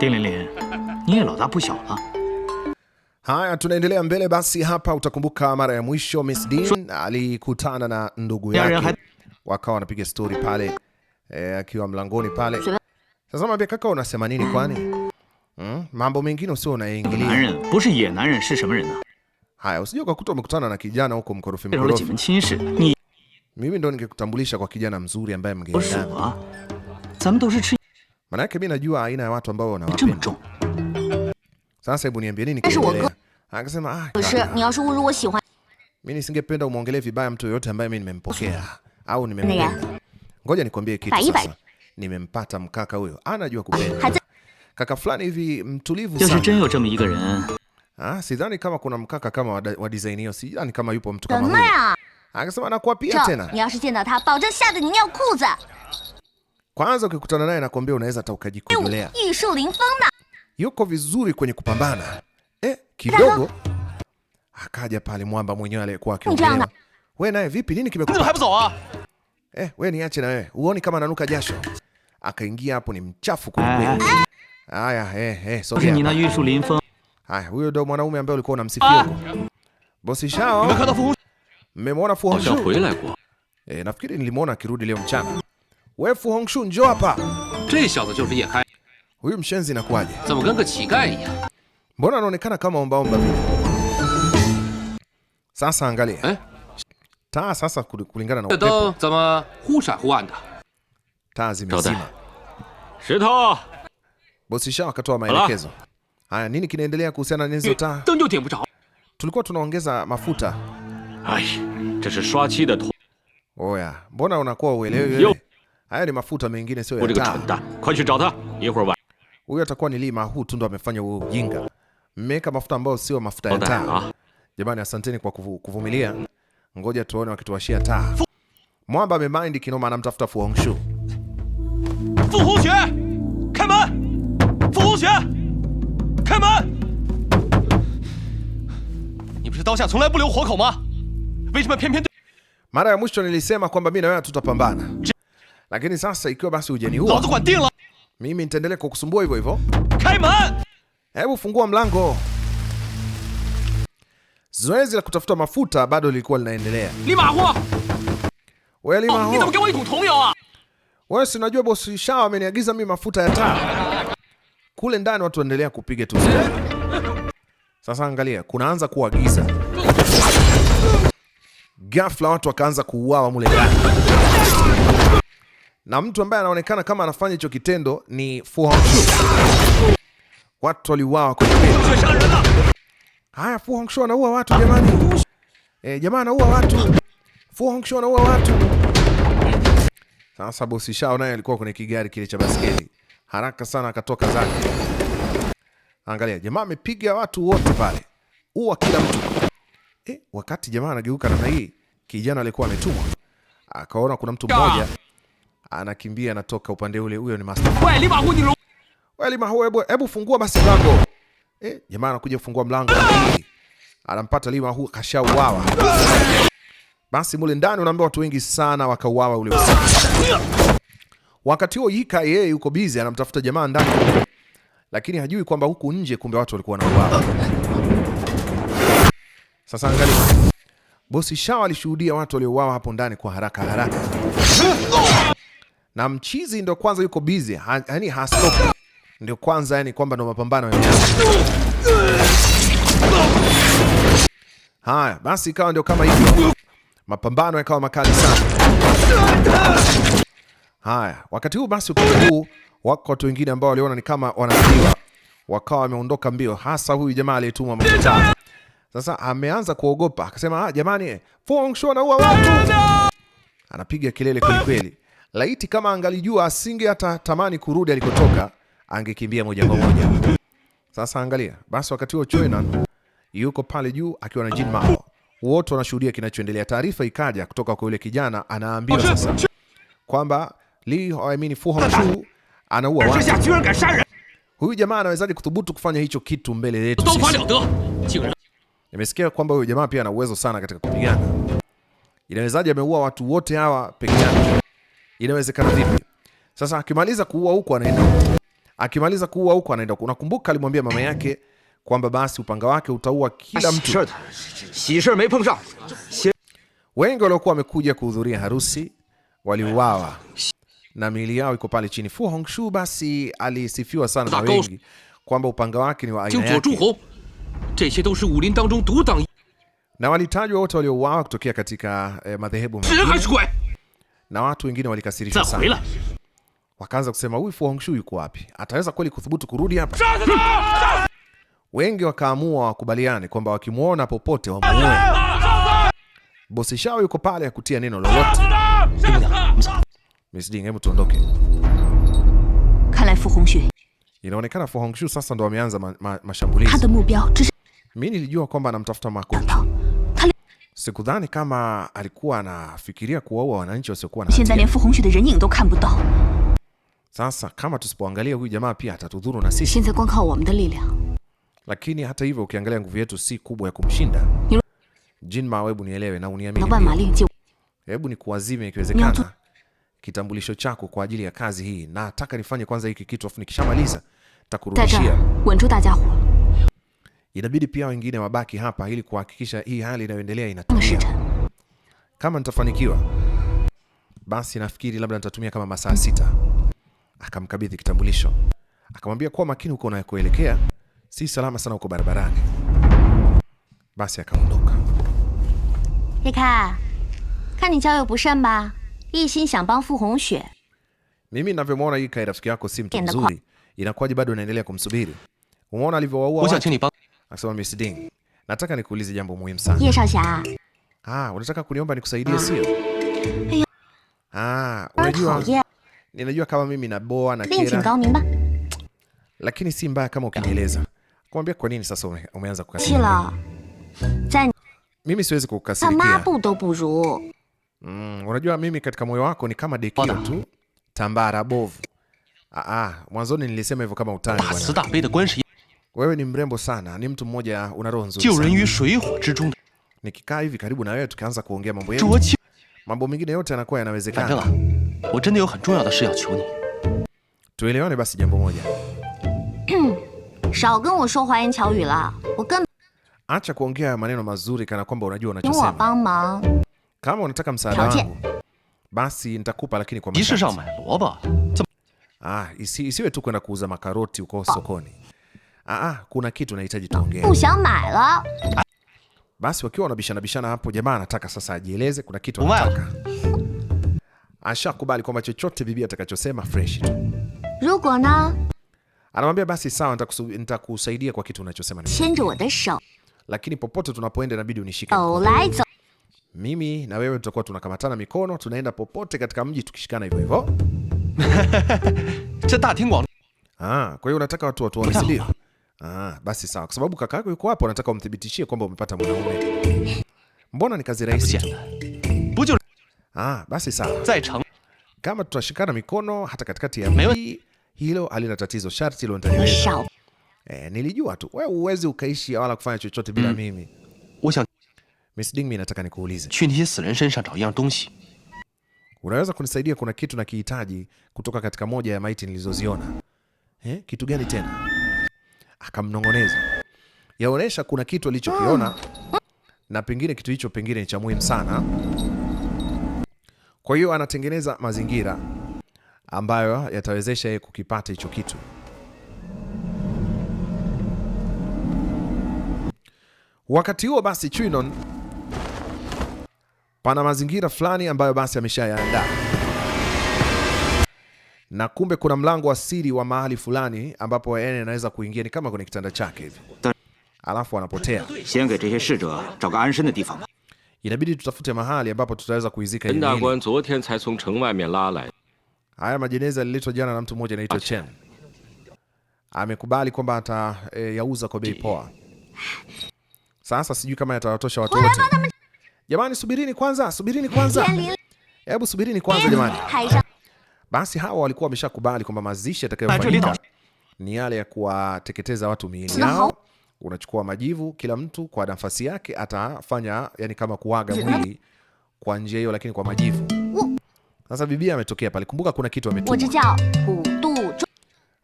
丁玲玲，你也老大不小了。Haya, tunaendelea mbele basi. Hapa utakumbuka mara ya mwisho Miss Dean alikutana na ndugu yake, wakawa wanapiga stori pale e, akiwa mlangoni pale. Sasa mwambia kaka, unasema nini kwani? Mm, mambo mengine usio unaingilia. Haya, usije ukakuta umekutana na kijana huko mkorofi mkorofi. Mimi ndo ningekutambulisha kwa kijana mzuri ambaye mgeni. Manake mimi najua aina ya watu ambao wanawapenda. Sasa hebu niambie nini Akasema ah, ah mimi nisingependa vibaya mtu yoyote ambaye mimi nimempokea au nimempenda. Ngoja nikwambie kitu sasa. Nimempata mkaka huyo. Anajua kupenda. Kaka fulani hivi mtulivu sana. Ah, sidhani kama kuna mkaka kama wa design hiyo. Sidhani kama yupo mtu kama huyo. Akasema ah, nakuapia tena. Kwanza ukikutana naye nakwambia unaweza hata ukajikojolea. Yuko vizuri kwenye kupambana. Eh, kidogo akaja pale mwamba mwenyewe aliyekuwa akiongea. we naye vipi, nini kimekupa? Eh, we niache na wewe. Uone kama nanuka jasho. Akaingia hapo ni mchafu kweli. Ah. Haya, eh, eh, sogea. Haya, huyo ndo mwanaume ambaye ulikuwa unamsifia ah. huko. Bosi Shao. Mmemwona Fu Hongxue? Eh, nafikiri nilimwona akirudi leo mchana. We Fu Hongxue njoo hapa. Huyu mshenzi inakuwaje? Mbona anaonekana kama omba omba vile? Sasa angalia. Eh? Taa sasa kulingana na upepo. Taa zimezima. Shito. Bosi shaka akatoa maelekezo. Haya, nini kinaendelea kuhusiana na hizo eh, taa? Tulikuwa tunaongeza mafuta. Ai, Oya, mbona unakuwa uelewi wewe? Haya ni mafuta mengine, sio ya taa. Huyo atakuwa ni Lima tu ndo amefanya huo ujinga. Mmeweka mafuta ambayo sio mafuta ya taa. Jamani, asanteni kwa kuvumilia. Ngoja tuone wakituashia taa. Mwamba amemind kinoma, anamtafuta Fu Hongxue. kama Fu kama ni bishi daoxia congla bu liu ma? Wei shenme Mara ya mwisho nilisema kwamba mimi na wewe tutapambana. Lakini sasa ikiwa basi ujeni hujaniua, mimi nitaendelea kukusumbua hivyo hivyo. Hebu fungua mlango. Zoezi la kutafuta mafuta bado lilikuwa linaendelea. Wewe oh, wewe si unajua bosi Shao ameniagiza mimi mafuta ya taa. Kule ndani watu waendelea kupiga tu. Sasa angalia, kunaanza kuagiza. Ghafla watu wakaanza kuuawa mule ndani na mtu ambaye anaonekana kama anafanya hicho kitendo ni Fu Hongxue. Watu waliuawa kwenye Haya, Fu Hongxue anaua watu jamani. E, jamaa anaua watu. Fu Hongxue anaua watu. Sasa bosi Shao naye alikuwa kwenye kigari kile cha baskeli. Haraka sana akatoka zake. Angalia, jamaa amepiga watu wote pale. Ua kila mtu. E, wakati jamaa anageuka namna hii, kijana alikuwa ametumwa. Akaona kuna mtu mmoja anakimbia anatoka upande ule. Huyo ni master. Wewe lima huo, hebu hebu fungua basi mlango. Eh, jamaa anakuja kufungua mlango. Anampata lima huo kashauawa. Basi mule ndani unaambia watu wengi sana wakauawa ule usiku. Wakati huo Yika yeye yuko busy anamtafuta jamaa ndani. Lakini hajui kwamba huku nje kumbe watu walikuwa wanauawa. Sasa angalia. Bosi Shaw alishuhudia watu waliouawa hapo ndani kwa haraka haraka na mchizi ndio kwanza yuko busy, yani hastoki, ndio kwanza yani kwamba ndo mapambano ya haya. Basi ikawa ndio kama hivyo, mapambano yakawa makali sana. Haya, wakati huu basi huu wako watu wengine ambao waliona ni kama wanaambiwa, wakawa wameondoka mbio, hasa huyu jamaa aliyetumwa mkutano. Sasa ameanza kuogopa, akasema ah, jamani, Fu Hongxue anaua watu, anapiga kelele kweli kweli. Laiti kama angalijua asinge hata tamani kurudi alikotoka, angekimbia moja kwa moja. Sasa angalia basi, wakati huo Choinan yuko pale juu akiwa na Jin Mao, wote wanashuhudia kinachoendelea. Taarifa ikaja kutoka kwa yule kijana, anaambiwa sasa kwamba Li Haimin Fu Hongxue anaua watu. Huyu jamaa anawezaje kuthubutu kufanya hicho kitu mbele yetu? Nimesikia kwamba huyu jamaa pia ana uwezo sana katika kupigana, inawezaje ameua watu wote hawa peke yake? Inawezekana vipi? Sasa akimaliza kuua huko anaenda akimaliza kuua huko anaenda. Unakumbuka alimwambia mama yake kwamba basi upanga wake utaua kila mtu. Wengi waliokuwa wamekuja kuhudhuria harusi waliuawa na miili yao iko pale chini. Fu Hongxue basi alisifiwa sana na wengi kwamba upanga wake ni wa aina yake, na walitajwa wote waliouawa kutokea katika eh, madhehebu mengine na watu wengine walikasirishwa sana, wakaanza kusema huyu Fu Hongxue yuko wapi? Ataweza kweli kuthubutu kurudi hapa? Wengi wakaamua wakubaliane kwamba wakimwona popote wamuue. Bosi Shao yuko pale, ya kutia neno lolote. Miss Ding, hebu tuondoke. Inaonekana Fu Hongxue sasa ndo ameanza mashambulizi. Mimi nilijua kwamba anamtafuta Ma Kongqun Sikudhani kama alikuwa anafikiria kuwaua wananchi wasiokuwa na hatia. Sasa kama tusipoangalia huyu jamaa pia atatudhuru na sisi. Lakini hata hivyo ukiangalia nguvu yetu si kubwa ya kumshinda. Jinma, hebu nielewe na uniamini. Hebu nikuazime ikiwezekana kitambulisho chako kwa ajili ya kazi hii. Nataka nifanye kwanza hiki kitu afu nikishamaliza takurudishia inabidi pia wengine wabaki hapa ili kuhakikisha hii hali inayoendelea inatulia. Kama nitafanikiwa, basi nafikiri labda nitatumia kama masaa sita. Akamkabidhi kitambulisho, akamwambia kuwa makini huko unayokuelekea, si salama sana huko barabarani. Basi akaondoka. Mimi navyomwona hii Kai rafiki yako si mtu mzuri, inakuwaje bado unaendelea kumsubiri? Umeona alivyowaua Akasema Miss Ding, nataka nikuulize jambo muhimu sana. Ah, unataka kuniomba nikusaidie ah. sio? Ah, unajua ninajua kama mimi na boa na kila. Lakini si mbaya kama ukinieleza. Kumwambia kwa nini sasa umeanza kukasirika? Mimi siwezi kukasirikia. Mm, unajua mimi katika moyo wako ni kama dekio tu, tambara bovu. Ah ah, mwanzoni nilisema hivyo kama utani bwana. Wewe ni mrembo sana, ni mtu mmoja, una roho nzuri. Nikikaa hivi karibu na wewe tukianza kuongea mambo yetu, mambo mengine yote yanakuwa yanawezekana. Tuelewane basi jambo moja. Acha kuongea maneno mazuri kana kwamba unajua unachosema. Kama unataka msaada wangu, basi nitakupa lakini kwa masharti. Ah, isiwe tu kwenda kuuza makaroti uko sokoni ah, ah, kuna kitu nahitaji tuongee. Basi wakiwa wanabishana bishana hapo, jamaa anataka sasa ajieleze, kuna kitu anataka. Ashakubali kwamba chochote bibi atakachosema fresh tu. Ruko na Anamwambia basi sawa, nitakusaidia kwa kitu unachosema. Lakini popote tunapoenda inabidi unishike. Oh, Mimi na wewe tutakuwa tunakamatana mikono, tunaenda popote katika mji tukishikana hivyo hivyo. Ah, kwa hiyo unataka watu watu wasilie. Ah, basi sawa, kwa sababu kaka yako yuko hapo, anataka umthibitishie kwamba umepata mwanaume. Mbona ni kazi rahisi? Ah, basi sawa, kama tutashikana mikono hata katikati ya mji, hilo halina tatizo, sharti hilo nitaliweza. Eh, nilijua tu wewe uwezi ukaishi wala kufanya chochote bila mm. mimi. Miss Ding, mimi nataka nikuulize, unaweza kunisaidia? Kuna kitu nakihitaji kutoka katika moja ya maiti nilizoziona. Eh, kitu gani tena? akamnong'oneza, yaonyesha kuna kitu alichokiona na pengine kitu hicho pengine ni cha muhimu sana. Kwa hiyo anatengeneza mazingira ambayo yatawezesha yeye kukipata hicho kitu. Wakati huo basi, Chinon pana mazingira fulani ambayo basi ameshayaandaa na kumbe kuna mlango wa siri wa mahali fulani ambapo yeye anaweza kuingia, ni kama kwenye kitanda chake hivi, alafu anapotea. Inabidi tutafute mahali ambapo tutaweza kuizika. Haya majeneza yaliletwa jana na mtu mmoja anaitwa Chen, amekubali kwamba atayauza e, kwa bei poa. Sasa sijui kama yatawatosha watu wote. Jamani, subirini kwanza, subirini kwanza, hebu subirini kwanza jamani. Basi hawa walikuwa wameshakubali kwamba mazishi yatakayofanyika ni yale ya kuwateketeza watu miili yao. Unachukua majivu, kila mtu kwa nafasi yake atafanya, yani kama kuaga mwili kwa njia hiyo, lakini kwa majivu. Sasa bibi ametokea pale, kumbuka kuna kitu ametuma.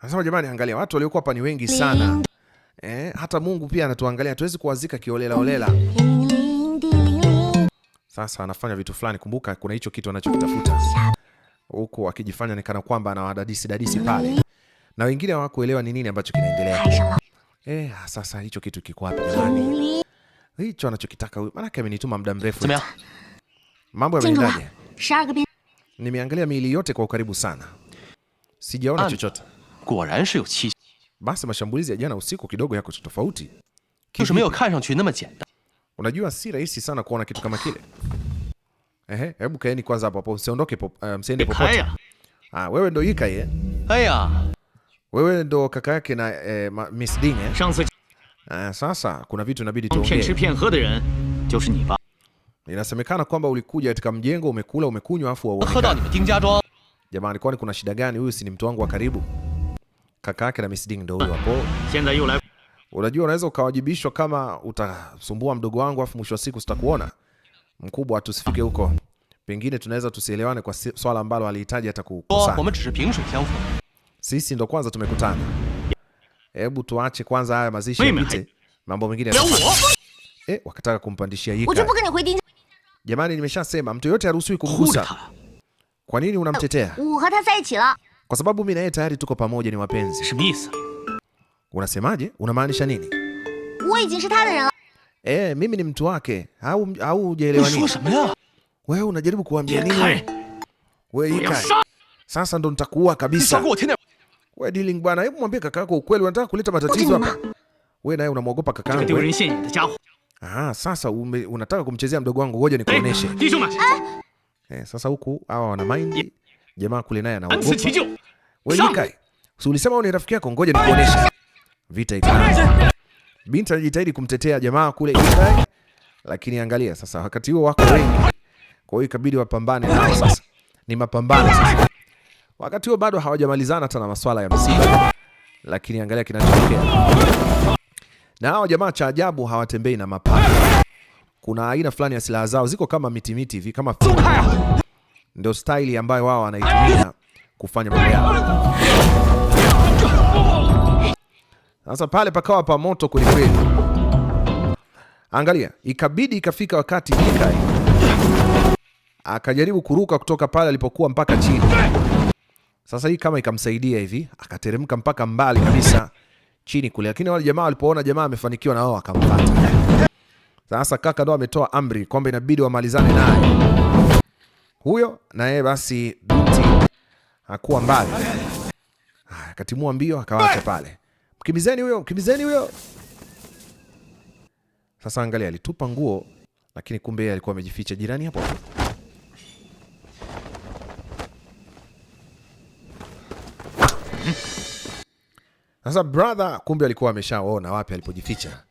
Anasema jamani, angalia watu waliokuwa hapa ni wengi sana eh, hata Mungu pia anatuangalia, tuwezi kuwazika kiolela olela. Sasa anafanya vitu fulani, kumbuka kuna hicho kitu anachokitafuta huku akijifanya nikana kwamba anawadadisi dadisi pale, na wengine hawakuelewa ni nini ambacho kinaendelea. Eh, sasa hicho kitu kiko wapi jamani? Hicho anachokitaka huyu, maana amenituma muda mrefu. Mambo yameendaje? Nimeangalia miili yote kwa ukaribu sana, sijaona chochote. Basi mashambulizi ya jana usiku kidogo yako tofauti. Unajua si rahisi sana kuona kitu kama kile. Ehe, hebu kaeni kwanza hapo hapo, msiondoke popote, eh, msiende popote. Ah, wewe ndo yika ye. Eh? Haya. Wewe ndo kaka yake na eh, Miss Ding eh? Ah, sasa kuna vitu inabidi tuongee. Inasemekana kwamba ulikuja katika mjengo umekula umekunywa afu waone. Jamani, kwani kuna shida gani? Huyu si ni mtu wangu wa karibu. Kaka yake na Miss Ding ndo huyo hapo. Unajua unaweza ukawajibishwa kama utasumbua mdogo wangu afu mwisho wa siku sitakuona mkubwa, tusifike huko, pengine tunaweza tusielewane kwa swala ambalo alihitaji hata kukusana. Sisi ndo kwanza tumekutana, hebu tuache kwanza haya mazishi yapite, mambo mengine eh. Wakataka kumpandishia yika. Jamani, nimeshasema mtu yote haruhusiwi kumgusa. Kwa nini unamtetea? Uh, kwa sababu mimi na yeye tayari tuko pamoja, ni wapenzi. Unasemaje? Unamaanisha nini? Eh, mimi ni mtu wake au au hujaelewa nini? Wewe unajaribu kuambia nini? Wewe ika. Sasa ndo nitakuua kabisa. Wewe dealing bwana, hebu mwambie kaka yako ukweli, unataka kuleta matatizo hapa. Wewe naye unamwogopa kaka yako. Ah, sasa ume, unataka kumchezea mdogo wangu, ngoja nikuoneshe. Eh, ah. eh sasa huku hawa wana mind. Jamaa kule naye anaogopa. Wewe ika. Ulisema wewe ni rafiki yako, ngoja nikuoneshe. Ah. Vita ikaanza. Binti anajitahidi kumtetea jamaa kule Israel, lakini angalia sasa, wakati huo wako wengi, kwa hiyo ikabidi wapambane nao. Sasa ni mapambano sasa. Wakati huo bado hawajamalizana hata na masuala ya msiba, lakini angalia kinachotokea. Na hao jamaa cha ajabu hawatembei na mapanga. Kuna aina fulani ya silaha zao ziko kama miti miti hivi, kama ndio staili ambayo wao wanaitumia kufanya mambo yao. Sasa pale pakawa pa moto kwelikweli. Angalia, ikabidi ikafika wakati Ikai akajaribu kuruka kutoka pale alipokuwa mpaka chini. Sasa hii kama ikamsaidia hivi, akateremka mpaka mbali kabisa chini kule, lakini wale jamaa walipoona jamaa amefanikiwa, na wao akamfuata. Sasa kaka ndo ametoa amri kwamba inabidi wamalizane naye huyo, na yeye basi, binti hakuwa mbali, akatimua mbio akawacha pale. Mkimbizeni huyo, mkimbizeni huyo. Sasa angalia, alitupa nguo lakini kumbe yeye alikuwa amejificha jirani hapo. Sasa brother kumbe alikuwa ameshaona wapi alipojificha.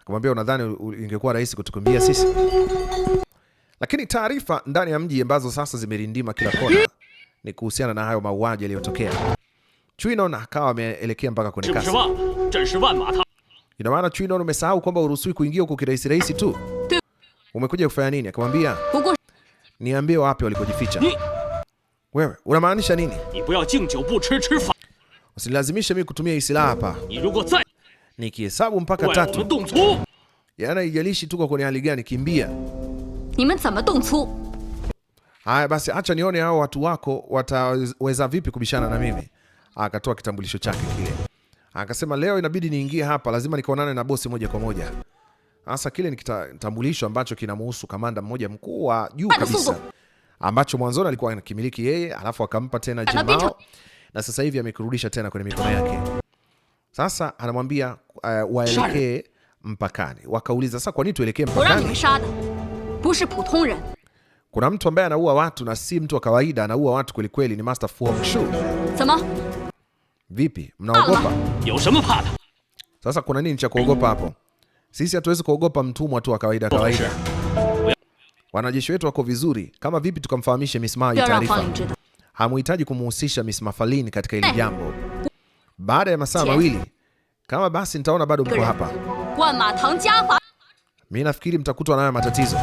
Akamwambia, unadhani ingekuwa rahisi kutukumbia sisi? Lakini taarifa ndani ya mji ambazo sasa zimerindima kila kona ni kuhusiana na hayo mauaji yaliyotokea. Chwinon akawa ameelekea mpaka kwenye kasi. Ina maana Chwinon, umesahau kwamba uruhusiwi kuingia huko kirahisi rahisi tu. Umekuja kufanya nini? Akamwambia, niambie wapi walikojificha. Wewe unamaanisha nini? Usilazimishe mimi kutumia silaha hapa. Nikihesabu mpaka tatu. Yaani ijalishi tuko kwenye hali gani, kimbia. Haya basi, acha nione hao watu wako wataweza vipi kubishana na mimi akatoa kitambulisho chake kile, akasema leo inabidi niingie hapa, lazima nikaonane na bosi moja kwa moja. Hasa kile ni kitambulisho ambacho kinamhusu kamanda mmoja mkuu wa juu kabisa, ambacho mwanzoni alikuwa anakimiliki yeye, alafu akampa tena Jimao, na sasa hivi amekurudisha tena kwenye mikono yake. Sasa anamwambia uh, waelekee mpakani. Wakauliza sasa, kwa nini tuelekee mpakani? Kuna mtu ambaye anaua watu na si mtu wa kawaida, anaua watu kwelikweli, ni Master Fu Hongxue. Vipi, mnaogopa? Sasa kuna nini cha kuogopa hapo? Sisi hatuwezi kuogopa mtumwa tu wa kawaida oh, kawaida. Wanajeshi wetu wako vizuri. Kama vipi tukamfahamishe Miss Ma taarifa? Hamuhitaji kumhusisha Miss Mafalini katika hili eh. jambo. Baada ya masaa mawili kama basi nitaona bado mko hapa. Mimi nafikiri mtakutwa nayo matatizo.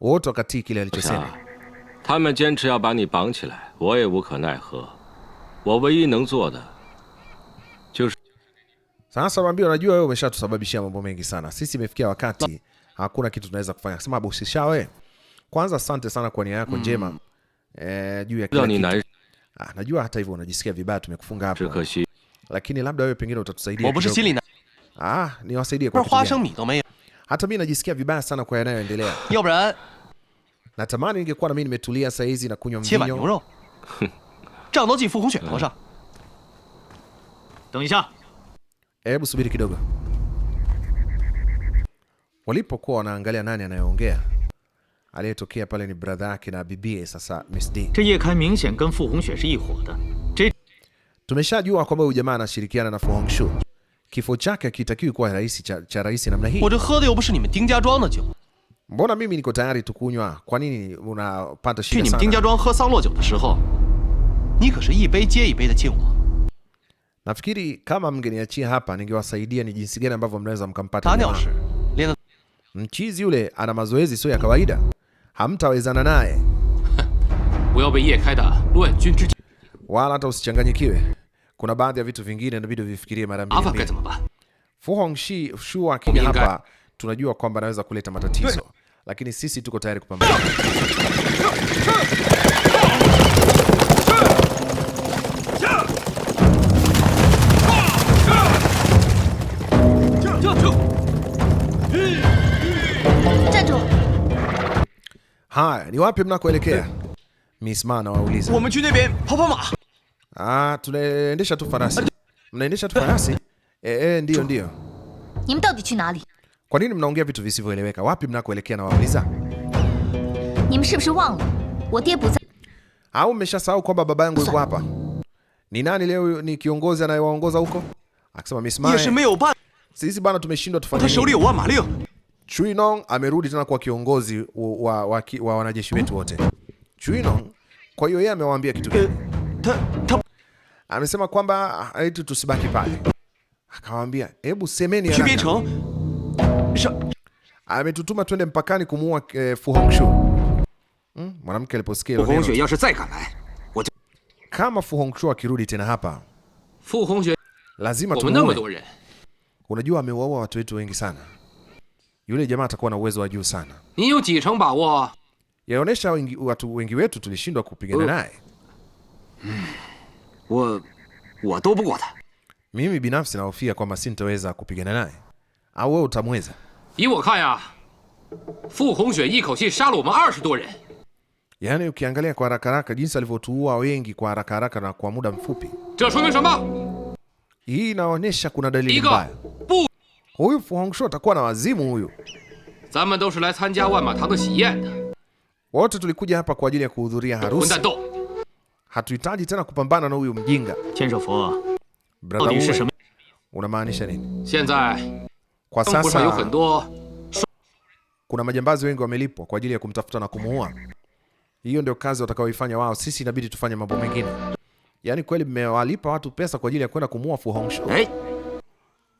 Wote wakati kile alichosema. Tama ya bani ni bang qilai, wo ye wu ke de sasa mwambie, unajua wewe umeshatusababishia mambo mengi sana. Sisi imefikia wakati hakuna kitu tunaweza kufanya. Sema bosi Shawe, kwanza asante sana kwa nia yako mm. njema mm. E, juu ya kila Ah, najua hata hivyo unajisikia vibaya tumekufunga hapo. Lakini labda wewe pengine utatusaidia. Ah, niwasaidie kwa kitu. Hata mimi najisikia vibaya sana kwa yanayoendelea. Natamani ningekuwa na mimi nimetulia saa hizi na kunywa mvinyo. Hebu subiri kidogo. Walipokuwa wanaangalia nani anayeongea, aliyetokea pale ni brother yake na bibie. Sasa Miss D, tumeshajua kwamba huyu jamaa anashirikiana na Fu Hongxue. Kifo chake hakitakiwi kuwa rahisi cha, cha rahisi namna hii. Mbona mimi niko tayari tukunywa, kwa nini unapata shida sana? Nafikiri kama mngeniachia hapa, ningewasaidia ni jinsi gani ambavyo mnaweza mkampata mchizi yule. Ana mazoezi sio ya kawaida, hamtawezana naye wala hata usichanganyikiwe. Kuna baadhi ya vitu vingine inabidi vifikirie mara mbili. Fu Hongxi shua akija hapa, tunajua kwamba anaweza kuleta matatizo, lakini sisi tuko tayari kupambana. Haya, ni wapi mnakoelekea? Miss Mana wauliza. Ah, tunaendesha tu farasi. Mnaendesha tu farasi? Eh, eh, ndio ndio. Kwa nini mnaongea vitu visivyoeleweka? Wapi mnakoelekea na wauliza? Au mmeshasahau kwamba baba yangu yuko hapa? Ni nani leo ni kiongozi anayewaongoza huko? Akasema Miss Mana. Sisi bana tumeshindwa tufanye. Chuinong amerudi tena kwa kiongozi wa, wa, wa, wa wanajeshi wetu wote Chuinong, Kwa hiyo yeye amewaambia kitu gani? Amesema kwamba eti tusibaki pale, akawaambia hebu semeni haraka. Ametutuma twende mpakani kumuua eh, Fu Hongxue. Hmm? mwanamke aliposikia hilo neno, kama Fu Hongxue akirudi tena hapa, Fu Hongxue lazima tumuue. Unajua amewaua watu wetu wengi sana yule jamaa atakuwa na uwezo wa juu sana. Yaonesha wengi, watu wengi wetu tulishindwa kupigana oh. naye. Hmm. Mimi binafsi nahofia kwamba sintaweza kupigana naye. Au wewe utamweza? Yaani, ukiangalia kwa haraka haraka jinsi alivyotuua wengi kwa haraka haraka na kwa muda mfupi, hii inaonyesha kuna dalili mbaya. Huyu Fu Hongxue atakuwa na wazimu huyu. Wote tulikuja hapa kwa ajili ya kuhudhuria harusi. Hatuhitaji tena kupambana na huyu mjinga. Unamaanisha nini? Kwa sasa kuna majambazi wengi wamelipwa kwa ajili ya kumtafuta na kumuua. Hiyo ndio kazi watakaoifanya wao, sisi inabidi tufanye mambo mengine. Yaani kweli mmewalipa watu pesa kwa ajili ya kwenda kumuua Fu Hongxue.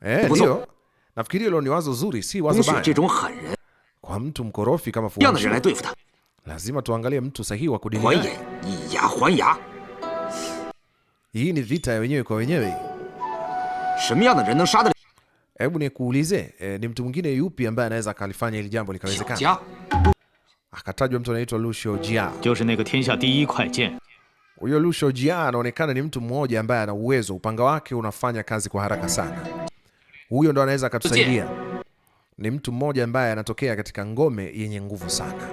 Eh, ndio. Nafikiri hilo ni wazo zuri, si wazo baya. Kwa mtu mkorofi kama Fu Hongxue, lazima tuangalie mtu sahihi wa kudili. Hii ni vita ya wenyewe kwa wenyewe. Hebu nikuulize, e, ni mtu mwingine yupi ambaye anaweza akalifanya hili jambo likawezekana? Akatajwa mtu anaitwa Lu Xiaojia. Huyo Lu Xiaojia anaonekana ni mtu mmoja ambaye ana uwezo, upanga wake unafanya kazi kwa haraka sana. Huyo ndo anaweza akatusaidia. Ni mtu mmoja ambaye anatokea katika ngome yenye nguvu sana.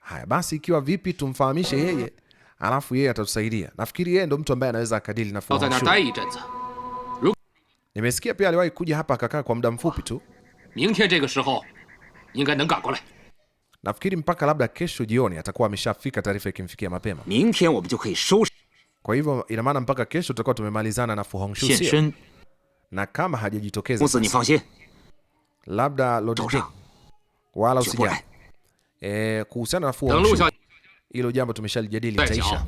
Haya basi, ikiwa vipi tumfahamishe yeye, alafu yeye atatusaidia. Nafikiri yeye ndo mtu ambaye anaweza akadili na Nimesikia pia aliwahi kuja hapa akakaa kwa muda mfupi tu. Nafikiri mpaka labda kesho jioni atakuwa ameshafika, taarifa ikimfikia mapema. Kwa hivyo ina maana mpaka kesho tutakuwa tumemalizana na Fu Hongxue na kama hajajitokeza labda Lord wala usijali e, eh, kuhusiana na Fu hilo jambo tumeshalijadili, taisha.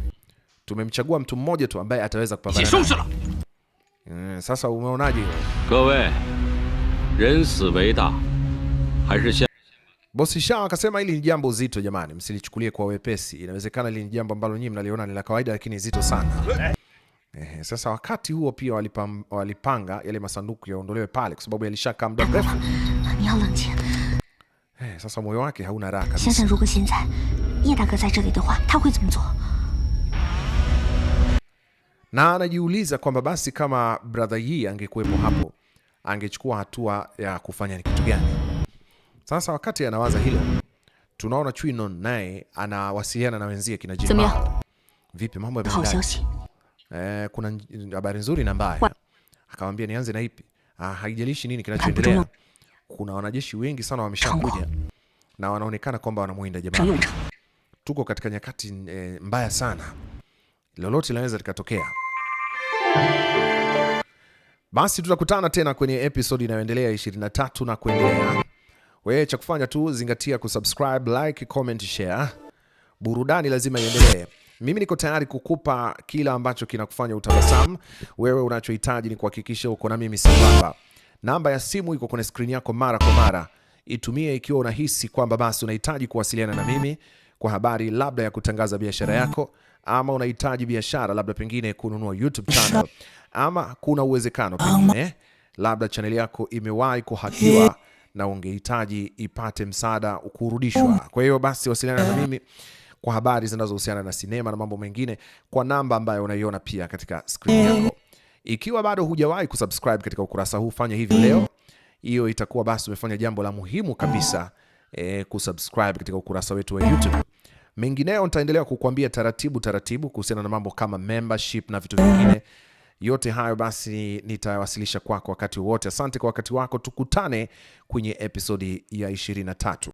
Tumemchagua mtu mmoja tu ambaye ataweza kupambana e, sasa umeonaje? Bosi Shao akasema hili ni jambo zito jamani, msilichukulie kwa wepesi. Inawezekana hili ni jambo ambalo nyinyi mnaliona ni la kawaida, lakini zito sana. Ehe, sasa wakati huo pia walipam, walipanga yale masanduku yaondolewe pale kwa sababu yalishakaa muda mrefu. Eh, sasa moyo wake hauna raha kabisa. Na anajiuliza kwamba basi kama brother Yi angekuwepo hapo angechukua hatua ya kufanya ni kitu gani. Sasa wakati anawaza hilo, tunaona Chui Non naye anawasiliana na wenzie kina Jima. Vipi mambo yameenda? eh, kuna habari nzuri na mbaya. Akamwambia nianze na ipi? Ah, haijalishi nini kinachoendelea. Kuna wanajeshi wengi sana wameshakuja na wanaonekana kwamba wanamwinda. jamaa. Tuko katika nyakati e, mbaya sana, lolote linaweza likatokea. Basi tutakutana tena kwenye episode inayoendelea 23 na kuendelea. Wewe cha kufanya tu zingatia kusubscribe, like, comment, share. Burudani lazima iendelee. Mimi niko tayari kukupa kila ambacho kinakufanya utabasamu. Wewe unachohitaji ni kuhakikisha uko na mimi sambamba. Namba ya simu iko kwenye skrini yako mara kwa mara, itumie ikiwa unahisi kwamba basi unahitaji kuwasiliana na mimi kwa habari labda ya kutangaza biashara yako, ama unahitaji biashara labda pengine kununua YouTube channel, ama kuna uwezekano pengine labda chaneli yako imewahi kuhakiwa na ungehitaji ipate msaada kurudishwa. Kwa hiyo basi wasiliana na mimi kwa habari zinazohusiana na sinema na mambo mengine kwa namba ambayo unaiona pia katika skrini yako. Ikiwa bado hujawahi kusubscribe katika ukurasa huu, fanya hivi leo. Hiyo itakuwa basi umefanya jambo la muhimu kabisa e, kusubscribe katika ukurasa wetu wa YouTube. Mengineyo nitaendelea kukuambia taratibu taratibu kuhusiana na mambo kama membership na vitu vingine. Yote hayo basi nitawasilisha kwako wakati wowote. Asante kwa wakati wako, tukutane kwenye episodi ya 23.